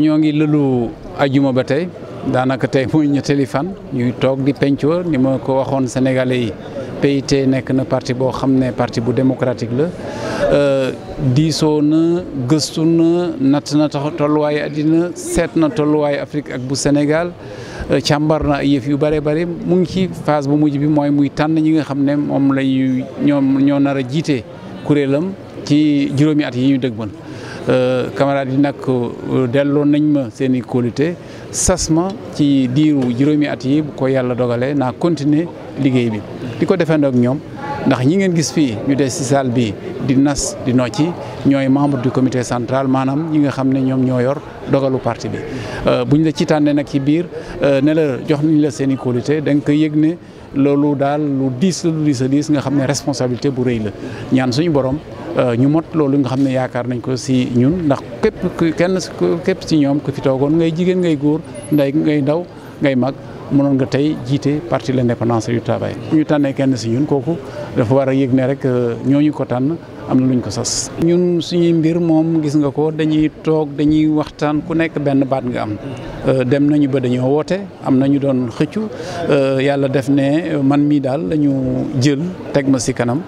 ñoo ngi lëlu ajuma ba tey daanaka tey mooy ñetteeli fan ñuy toog di pencoo ni ma ko waxoon sénégalais yi PIT nekk na parti boo xam ne parti bu démocratique la euh, diisoo na gëstu na natt na tolluwaayu àddina seet na tolluwaayu Afrique ak bu Sénégal euh, càmbar na yëf yu bare bare mu ngi ci phase bu mujj bi mooy muy tànn ñi nga xam ne moom la ñuy ñoo nar a jiite kuréelam ci juróomi at yi ñu dëgmal Euh, camarades yi nag euh, delloon nañ ma seen i kóolute sas ma ci diiru juróomi at yi bu ko yàlla dogalee naa continuer liggéey bi di ko defandoo ak ñoom ndax ñi ngeen gis fii ñu des ci salle bi di nas di nocci ñooy membre du comité central maanaam ñi nga xam ne ñoom ñoo yor dogalu parti bi euh, buñ la ci tànnee nag ci biir ne la jox nañ la seen i kóolute da nga koy yëg ne loolu daal lu diis la lu diis diis nga xam ne responsabilité bu rëy la ñaan suñu borom Euh, ñu mot loolu nga xam ne yaakaar nañ ko si ñun ndax képp kenn képp si ñoom ku fi toogoon ngay jigéen ngay góor nday ngay daw ngay mag mënoon nga tey jiite parti l'indépendance du travail ñu tànnee kenn si ñun kooku dafa war a yëg ne rek euh, ñooñu ko tànn am na luñ ko sas. ñun suñuy mbir moom gis nga ko dañuy toog dañuy waxtaan ku nekk benn baat nga am euh, dem nañu ba dañoo woote am na ñu doon xëccu euh, yàlla def ne man mii daal la jël teg ma si kanam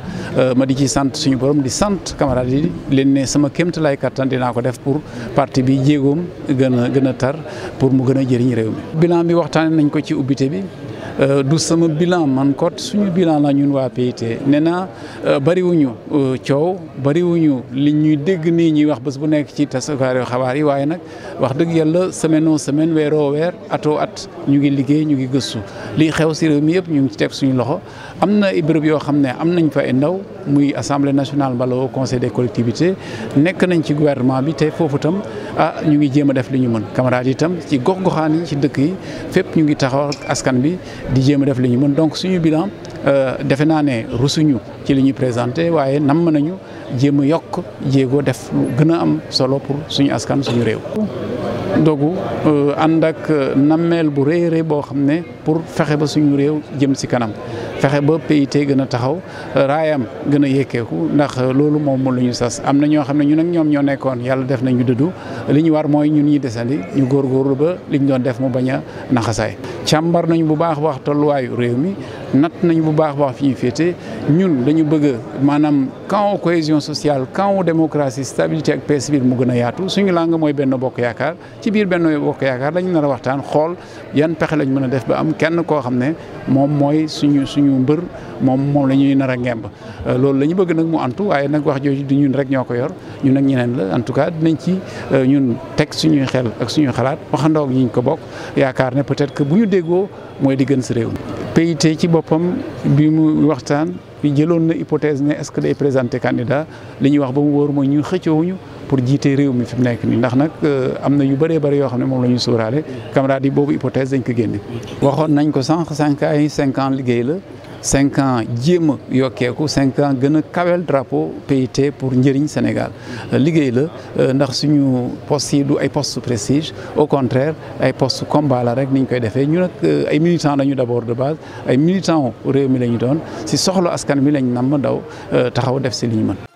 ma di ci sant suñu borom di sant camarades yi leen ne sama kéemtalaay kattan dinaa ko def pour parti bi jéegoom gën a gën a tar pour mu gën a jëriñ mi ci ubbite bi euh, du sama bilan man kot suñu bilan la ñun waa PIT nee naa euh, bariwuñu euh, coow bariwuñu li ñuy dégg nii ñuy wax bés bu nekk ci tasukaaru xabaar yi waaye nag wax dëgg yàlla semaine semaine weeroo weer atoo at ñu ngi liggéey ñu ngi gëstu lii xew si réew mi yëpp ñu ngi ci teg suñu loxo am na bërëb yoo xam ne am nañ fa ay ndaw muy assemblée nationale wala conseil des collectivités nekk nañ ci gouvernement bi te foofu tam ah ñu ngi jéem a def lu ñu mën camarades yi tam ci gox goxaan ci dëkk yi fépp ñu ngi taxaw askan bi di jéem a def lu ñu mën donc suñu bilan euh, defe naa ne rusuñu ci li ñu présenté waaye namm nañu jéem a yokk jéegoo def gën a am solo pour suñu askan suñu réew. dogu euh, ànd ak euh, nammeel bu rëy rëy boo xam ne pour fexe ba suñu réew jëm si kanam fexe ba PIT gën a taxaw euh, raayam gën a yekkeeku ndax loolu moom mu lu ñu sas am na ñoo xam ne ñu nag ñoom ñoo nekkoon yàlla def na ñu dëddu li ñu war mooy ñun ñi desandi ñu góor góorlu ba liñ doon def mu baña naxasaay càmbar nañu bu baax wax tolluwaayu réew mi natt nañu bu baax baax fi ñu féete ñun dañu bëgg maanaam camp cohésion sociale camp démocratie stabilité ak paix biir mu gën a yaatu suñu làng mooy benn bokk yaakaar ci biir benn bokk yaakaar lañu nar a waxtaan xool yan pexe lañ mën a def ba am kenn koo xam ne moom mooy suñu suñu mbër moom moom la ñuy nar a ngemb euh, loolu lañu bëgg nag mu antu waaye nag wax jooju di ñun rek ñoo ko yor ñun nag ñeneen la en tout cas dinañ ci euh, ñun teg suñuy xel ak suñu xalaat waxandoog ñi ñu ko bokk yaakaar ne peut-être que bu ñu déggoo mooy di gën si réew mi PIT ci boppam bi mu waxtaan bi jëloon na hypothèse ne est-ce que day présenter candidat li ñuy wax ba mu wóor mooy ñu xëccoowuñu pour jiitee réew mi fi mu nekk nii ndax nag euh, am na yu bëree bëri yoo xam ne moom la ñuy sóoraale camarades yi boobu hypothèse dañ ko génne waxoon nañ ko sànq cinq ay cinq liggéey la cinq ans jéem a yokkeeku cinq gën a kawel drapeau payté pour njëriñ Sénégal liggéey la euh, ndax suñu postes yi du ay poste prestige au contraire ay post combat rek ni ñu koy defee ñu nag euh, ay militants lañu d'abord de base ay militants réew mi la ñu doon si soxla askan mi lañ namm daw taxaw def si li ñu mën